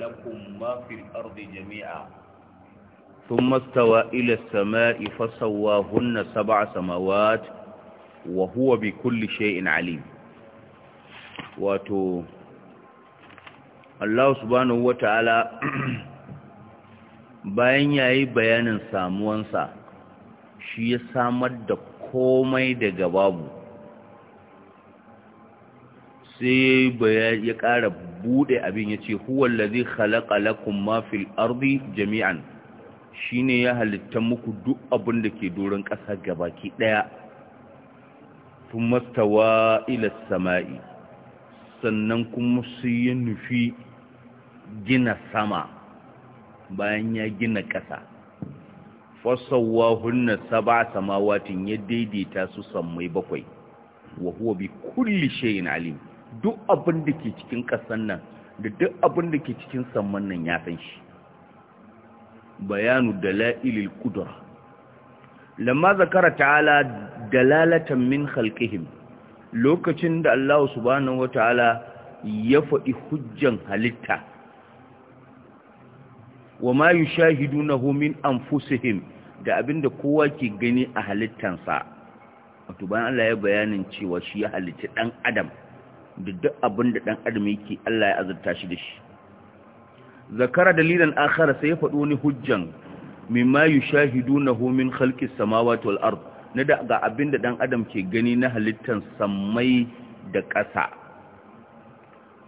لكم ما في الأرض جميعا ثم استوى إلى السماء فسواهن سبع سماوات وهو بكل شيء عليم واتو Allah subhanahu wata'ala bayan yayi bayanin samuwansa shi ya samar da komai daga babu sai ya ƙara buɗe abin ya ce huwa lazi khalaƙa lakun ma ardi jami'an shi ne ya halitta muku duk abin da ke doron ƙasa gabaki ɗaya tun mastawa ila sama'i sannan kuma su yi nufi gina sama bayan ya gina ƙasa fasawa hunna saba samawatin ya daidaita su samai bakwai wa huwa bi kulli shay'in alim duk abin da ke cikin ƙasan nan da duk abin da ke cikin samman nan ya san shi bayanu dalailil qudra lamma zakara ta'ala dalalatan min khalqihim lokacin da Allah subhanahu wataala ya faɗi hujjan halitta wa ma na min anfusihim da abinda kowa ke gani a halittansa wato bayan Allah ya bayanin cewa shi ya halitta ɗan adam da duk abin da ɗan adam yake Allah ya azurta shi da shi zakara dalilan akhara sai ya faɗo ni hujjan mimma yushahidunahu min khalqis samawati wal ard na da ga abin da ɗan adam ke gani na halittan samai da ƙasa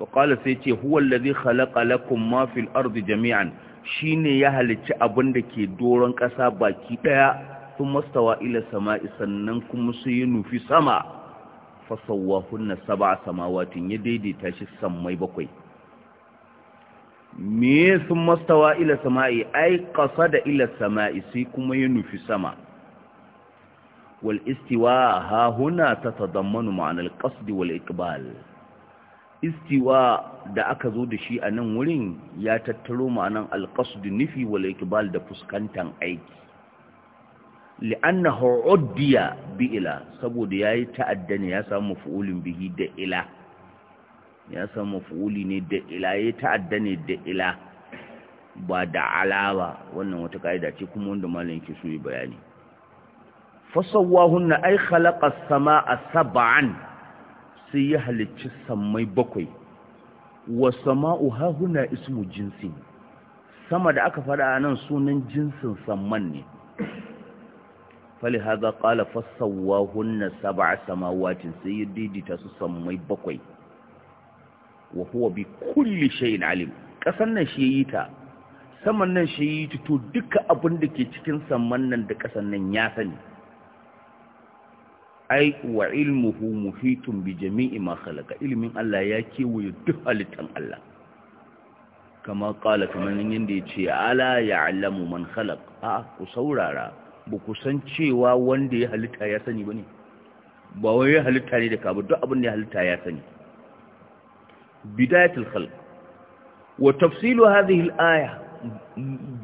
wa qala sai ce huwa allazi khalaqa lakum ma fil ard jami'an shine ya halicci abin da ke doron ƙasa baki ɗaya sun mastawa ila sama'i sannan kuma su ya nufi sama fasawahunna sab'a samawatin ya daidaita shi sammai bakwai me sun mastawa ila sama'i ai qasada ila sama'i sai kuma ya nufi sama wal istiwa ha huna tatadammanu ma'ana al qasd wal iqbal istiwa da aka zo da shi a nan wurin ya tattaro ma'anan al nufi wal iqbal da fuskantan aiki li'anna uddiya bi ila saboda yayi ta'adda ne ya samu fu'ulin bihi da ila ya samu fu'uli ne da ila yayi ta'adda ne da ila ba da alawa wannan wata kaida ce kuma wanda malamin ke so yi bayani fasawahunna ay khalaqa as samaaa sab'an sai ya halicci sammai bakwai wa sama'u ha huna ismu jinsi sama da aka fada anan sunan jinsin samman ne fali haza ƙala fassawa hunna saba a samawacin sai daidaita su sammai bakwai wa huwa bi kulli shayin alim nan shi yi ta saman nan shi yi ta to duka abin da ke cikin saman nan da kasan nan ya sani ai wa ilmuhu muhitun bi jami'i ma khalaqa ilmin Allah ya kewaya duk halittan Allah kama ƙala kamar yadda ya ce ala ya'lamu man khalaq a ku saurara ba ku san cewa wanda ya halitta ya sani ba ne ba wai ya halitta ne da kabu duk abin da ya halitta ya sani bidayatul khalq wa tafsilu hadhihi al-aya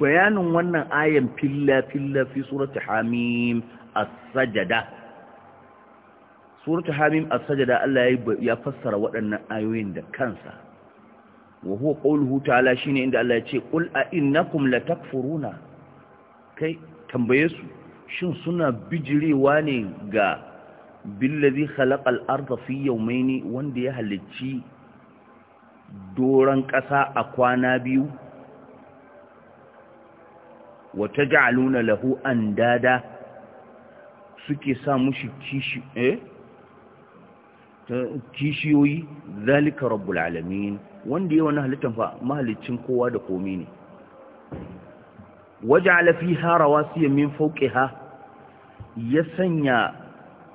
bayanin wannan ayan filla filla fi surati hamim as-sajda surati hamim as-sajda Allah ya fassara waɗannan ayoyin da kansa wa huwa qawluhu ta'ala shine inda Allah ya ce qul a innakum latakfuruna kai tambaye su shin suna bijirewa ne ga billazi khalaqal arda fi yawmaini wanda ya halicci doran ƙasa a kwana biyu wa taj'aluna lahu andada suke sa mushi kishi eh kishiyoyi zalika rabbul alamin wanda ya wani halittan fa mahalicin kowa da komai ne waja'ala fiha rawasiya min fawqiha ya sanya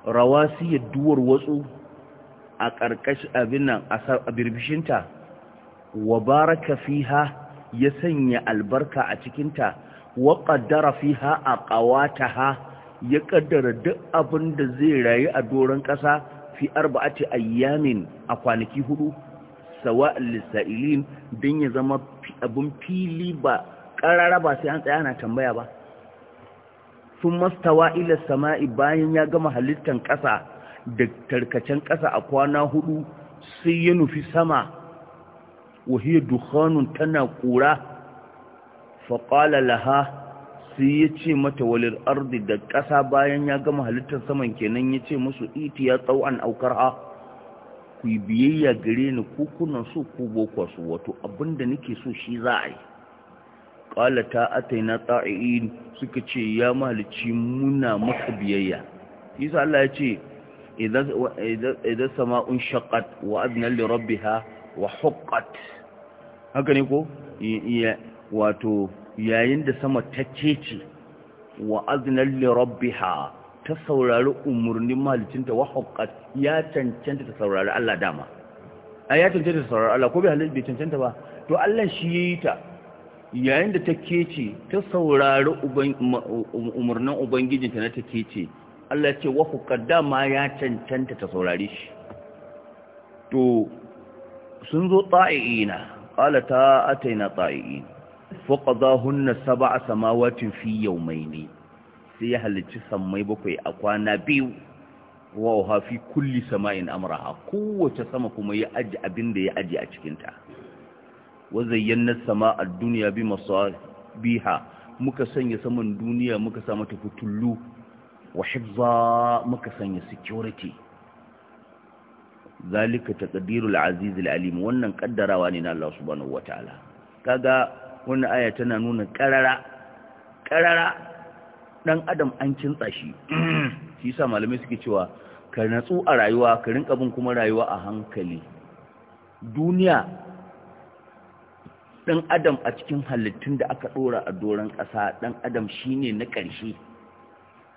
rawasiya duwar watsu a ƙarƙashin abin nan a birbishinta wa baraka fiha ya sanya albarka a cikinta wa a fiha ha ya ƙaddara duk abin da zai rayu a doron ƙasa fi arba'ati ayyamin a kwanaki hudu sawa'il lisa'ilin don ya zama abin fili ba ƙarara ba sai an tsaya ana tambaya ba sun mastawa ila sama'i bayan ya gama halittar ƙasa da tarkacen ƙasa a kwana hudu sai ya nufi sama wahiyar dukhanun tana ƙura faƙala laha sai ya ce mata walir ardi da ƙasa bayan ya gama halittar saman kenan ya ce musu iti ya tsawon aukar ha ku biyayya gare ni kukunan su ko bokwasu su wato abinda nake so shi za a yi ƙwala ta ataina ta'in suka ce ya mahalicci muna maka biyayya isa Allah ya ce idan sama'un shaƙat, wa adna li rabbiha wa huqqat haka ne ko wato yayin da sama ta cece wa adna li rabbiha ta saurari umarnin mahalicinta wa huqqat ya cancanta ta saurari Allah dama a ya cancanta ta saurari Allah ko bai halitta bai cancanta ba to Allah shi yayi ta yayin da ta kece ta saurari umarnin ubangijinta na ta kece Allah ce wa hukadda ma ya cancanta ta saurari shi to sun zo ta'i'ina ƙala ta ataina za hunna sab'a samawatin fi ne, sai ya halarci samai bakwai a kwana biyu wa hafi kulli sama'in amraha kowace sama kuma ya aji abin da ya aji a cikinta wa zayyana sama'a duniya dunya bi biha muka sanya saman duniya muka sa mata fitullu wa hifza muka sanya security zalika taqdirul aziz al-alim wannan kaddarawa ne na Allah subhanahu wataala kaga wannan aya tana nuna karara karara dan adam an kintsa shi shi yasa malamai suke cewa ka natsu a rayuwa ka rinka bin kuma rayuwa a hankali duniya ɗan adam a cikin halittun da aka ɗora a doron ƙasa ɗan adam shi ne na ƙarshe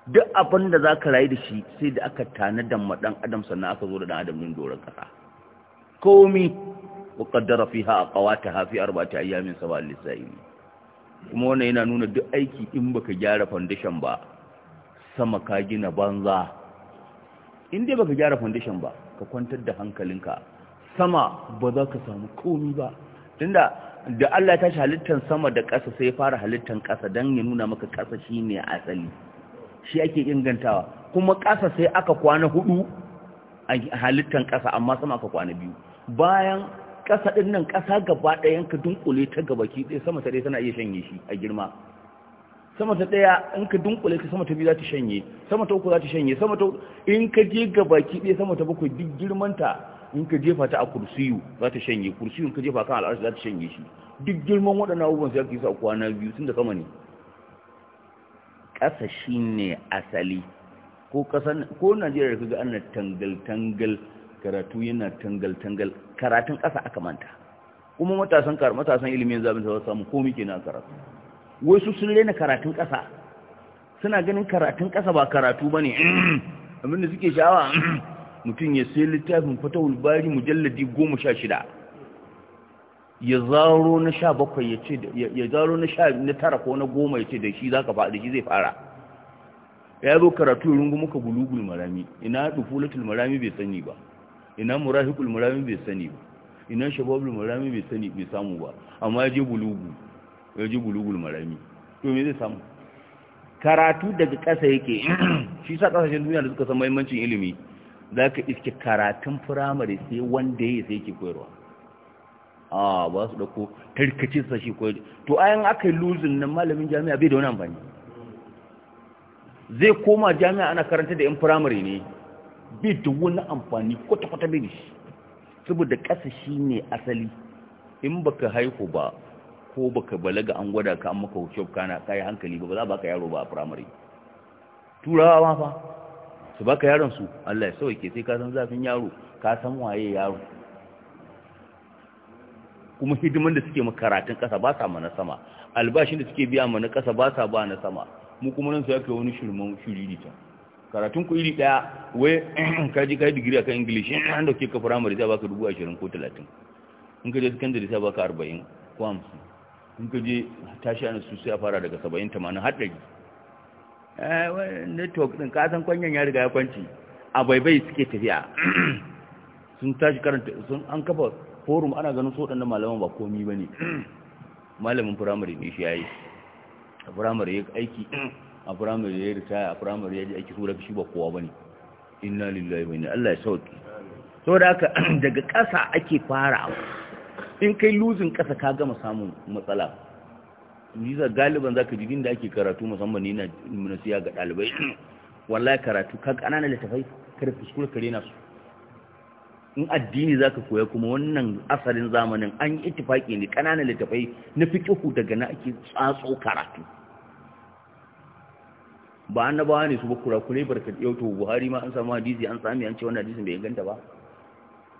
duk abin da za ka rayu da shi sai da aka tana ma ɗan adam sannan aka zo da ɗan adam ɗin doron ƙasa komi wa ƙaddara fi ha a ta hafi arba arba'ata ayyamin saba lissa'i kuma wannan yana nuna duk aiki in baka gyara foundation ba sama ka gina banza in dai baka gyara foundation ba ka kwantar da hankalinka sama ba za ka samu komi ba tunda da Allah ya tashi halittar sama da ƙasa sai ya fara halittar ƙasa don ya nuna maka ƙasa shi ne asali shi ake ingantawa kuma ƙasa sai aka kwana hudu a halittar ƙasa amma sama aka kwana biyu bayan ƙasa ɗin nan ƙasa gaba ɗayan ka dunkule ta gaba ki ɗaya sama ta ɗaya tana iya shanye shi a girma sama ta ɗaya in ka dunkule ka sama ta biyu za ta shanye sama ta uku za ta shanye sama ta in ka je gaba ki ɗaya sama ta bakwai duk girmanta in ka jefa ta a kursiyu za ta shanye kursiyu in ka jefa kan al'arshi za ta shanye shi duk girman waɗannan abubuwan sai ake yi su a kwana biyu sun da kama ne ƙasa shi ne asali ko ƙasan ko najeriya da ga ana tangal-tangal karatu yana tangal-tangal karatun ƙasa aka manta kuma matasan matasan ilimin zaɓin sa samu komi ke na karatu wai su sun rena karatun ƙasa suna ganin karatun ƙasa ba karatu ba ne abinda suke sha'awa mutum ya sai littafin fatawul bari mujalladi goma sha shida ya zaro na sha bakwai ya ce ya zaro na sha na tara ko na goma ya ce da shi zaka faɗi shi zai fara ya zo karatu rungu muka gulugul marami ina dufulatul marami bai sani ba ina murahiqul marami bai sani ba ina shababul marami bai sani bai samu ba amma ya je gulugu ya je gulugul marami to me zai samu karatu daga ƙasa yake shi sa ƙasashen duniya da suka san muhimmancin ilimi za ka iske karatun firamare sai wanda ya yi sai ke koyarwa a ba su ɗauko tarkacin sa shi koyar to ayan aka yi luzin nan malamin jami'a bai da wani amfani zai koma jami'a ana karanta da yan firamare ne bai da wani amfani kwata-kwata bai shi saboda ƙasa shi ne asali in baka haihu ba ko baka balaga an gwada ka an maka wuce kana kai hankali ba ba za ba ka yaro ba a firamare turawa ma fa su baka yaron su Allah ya sauke sai ka san zafin yaro ka san waye yaro kuma hidiman da suke mu karatun kasa ba sa mana sama albashin da suke biya mana kasa ba sa ba na sama mu kuma nan su yake wani shirman shiriri ta karatun ku iri daya wai ka ji ka yi digiri akan english an dauke ka primary sai baka 20 ko 30 in ka je secondary sai baka 40 ko 50 in ka je tashi ana su sai a fara daga 70 80 Eh, network ɗin kasan kwanyan ya riga ya kwanci a baibai suke tafiya sun tashi karanta sun an kafa forum ana ganin so ɗan malaman ba komi ba ne malamin firamare ne shi ya yi a firamare ya aiki a firamare ya ritaya a firamare ya ji aiki so fi shi ba kowa ba ne inna lillahi wa inna Allah ya sauki da haka daga ƙasa ake fara in kai luzin ƙasa ka gama samun matsala jiza galiban zaka ji da ake karatu musamman ne na munasiya ga dalibai wallahi karatu ka kananan littafai kada kuskure kare na su in addini zaka koya kuma wannan asalin zamanin an yi ittifaki ne kananan littafai na fiqhu daga na ake tsatso karatu ba annabawa ne su ba kurakure barkat yau to buhari ma an samu hadisi an sami an ce wannan hadisin bai ganta ba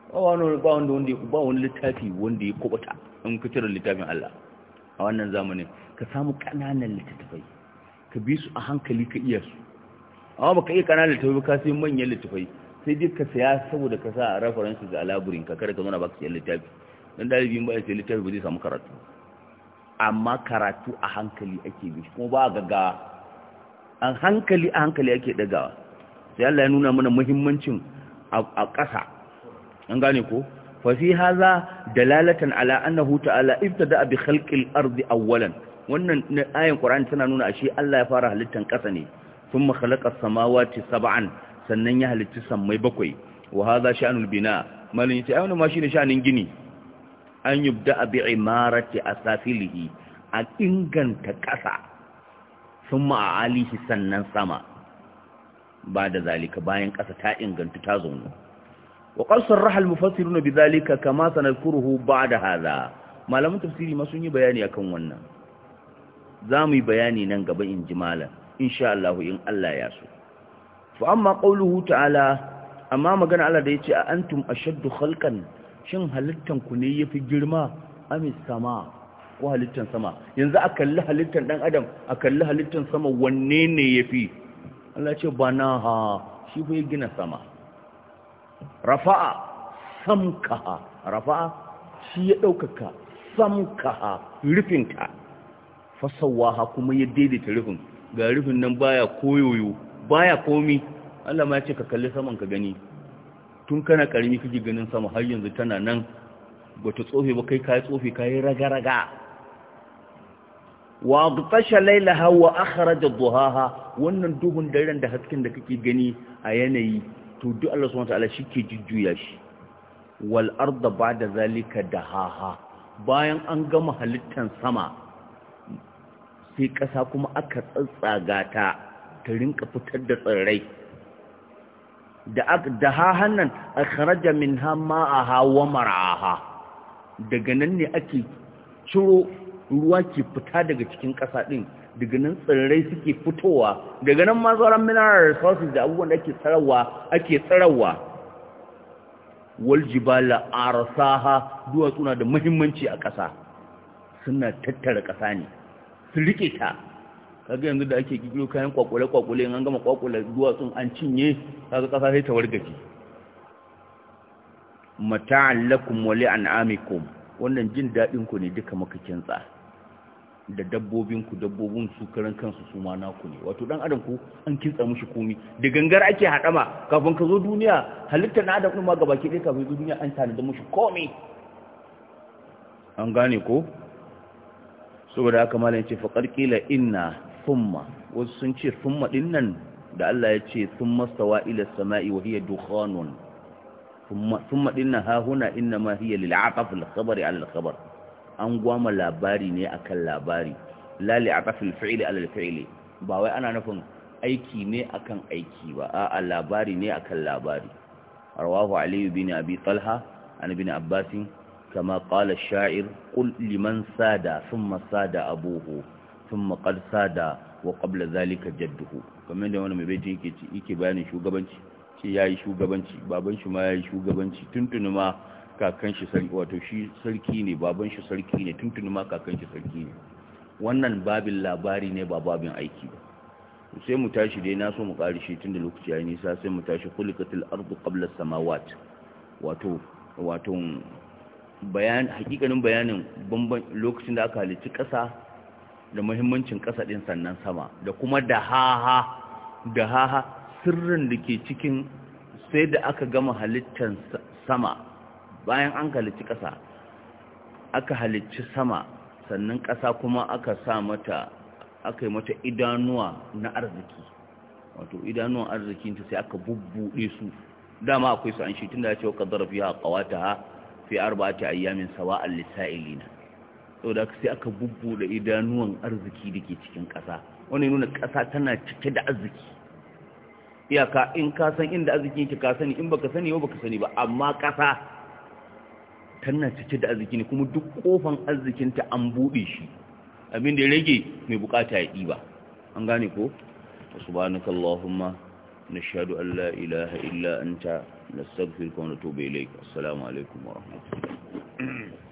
ba wani ba wanda wani littafi wanda ya kubata in ka cire littafin Allah a wannan zamanin ka samu ƙananan littattafai ka bi su a hankali ka iya su amma baka iya ƙananan littattafai ka sai manyan littattafai sai dai ka saya saboda ka sa a references da laburin ka kada ka ba ka sayan littafi don dalibin ba sai littafi ba zai samu karatu amma karatu a hankali ake bi kuma ba gaggawa a hankali a hankali ake dagawa sai Allah ya nuna mana muhimmancin a ƙasa an gane ko fafi haza dalalatan ala annahu ta'ala ibtada bi khalqil ardi awwalan wannan ayan qur'ani tana nuna ashe Allah ya fara halittan kasa ne thumma khalaqa samawati sab'an sannan ya halitta sammai bakwai wa haza sha'anul bina malin yace ai wannan ma shine sha'anin gini an a bi imarati asafilihi a inganta kasa thumma alihi sannan sama ba da zalika bayan kasa ta inganta ta zauna وقال صرح المفسرون بذلك كما سنذكره بعد هذا malaman tafsiri ma sun yi bayani akan wannan za mu yi bayani nan gaba in insha Allah in Allah ya so fa amma qauluhu ta'ala amma magana Allah da yace a antum ashaddu khalqan shin halittan ku ne yafi girma amis sama ko halittan sama yanzu a kalli halittan dan adam a kalli halittan sama wanne ne yafi Allah ce banaha shi ko ya gina sama rafa'a samkaha rafa'a shi ya ɗaukaka samkaha rufinta fasawaha kuma ya daidaita rufin ga rufin nan baya koyoyo baya komi Allah ma ya ce ka kalli saman ka gani tun kana karimi kake ganin sama har yanzu tana nan bata tsofe ba kai kai tsofe kai raga-raga wa aqtasha laylaha wa akhraja duhaha wannan duhun daren da hasken da kake gani a yanayi to duk Allah subhanahu shi shike jujjuya shi wal arda ba'da zalika dahaha bayan an gama halittan sama sai ƙasa kuma aka tsatsaga ta ta rinka fitar da tsirrai da dahahan nan akhraja minha ma'aha wa mar'aha daga nan ne ake ciro ruwa ke fita daga cikin ƙasa din daga nan tsirrai suke fitowa daga nan ma sauran mineral resources da abubuwan da ake tsarawa ake tsarawa Waljibala a rasaha duwatsu na da muhimmanci a ƙasa suna tattara ƙasa ne su rike ta kaga yanzu da ake kikiro kayan kwakwale kwakwale an gama kwakwale duwatsun an cinye kaga ƙasa sai ta wargaje mata'allakum wali an amikum wannan jin daɗinku ne duka maka kintsa da dabbobinku dabbobin su karan kansu su ma naku ne wato dan adam ko an kitsa mushi komi da gangar ake hadama kafin ka zo duniya halitta na adam kuma ga baki ɗaya kafin zo duniya an tana da mushi komi an gane ko saboda haka malam ce faqad qila inna thumma wasu sun ce thumma din nan da Allah ya ce thumma stawa ila samai wa hiya dukhanun thumma thumma din nan ha huna inna ma hiya lil ataf al khabar al an gwama labari ne akan labari lali a ƙafin fi'ili alal ba wai ana nufin aiki ne akan aiki ba a labari ne akan labari arwahu aliyu bin abi talha an bin abbasin kama ƙala sha'ir qul liman sada masa da abuhu sun makar sada wa qabla zalika jadduhu kamar da wani mai baitin yake yake bayanin shugabanci ce yi shugabanci baban shi ma yi shugabanci tuntunuma. kakan shi sarki wato shi sarki ne baban shi sarki ne tuntuni ma kakan shi sarki ne wannan babin labari ne ba babin aiki ba sai mu tashi dai na so mu ƙari shi tun da lokaci ya nisa sai mu tashi kulikatul ardu qabla samawat wato wato bayan hakikanin bayanin bamban lokacin da aka halicci ƙasa da muhimmancin ƙasa din sannan sama da kuma da haha da haha sirrin da ke cikin sai da aka gama halittar sama bayan an halicci ƙasa aka halicci sama sannan ƙasa kuma aka sa mata aka yi mata idanuwa na arziki wato idanuwan arzikinta sai aka bubbuɗe su dama akwai su an shi tun da ya ce wa ƙadar fiye a ƙawata ha fi ta ayyamin lissa'ilina sau da sai aka bubbuɗe idanuwan arziki da ke cikin ƙasa wani nuna ƙasa tana cike da arziki iyaka in ka san inda arziki yake ka sani in baka sani ba baka sani ba amma ƙasa tana cike da arziki ne kuma duk kofan arzikinta an buɗe shi abin da ya rage mai bukata ya ɗiba an gane ko subhanaka allahumma nashhadu an la ilaha illa anta nastaghfiruka wa natubu ilayk assalamu alaikum wa rahmatullahi